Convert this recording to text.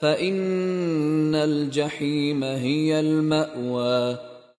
فإن الجحيم هي المأوى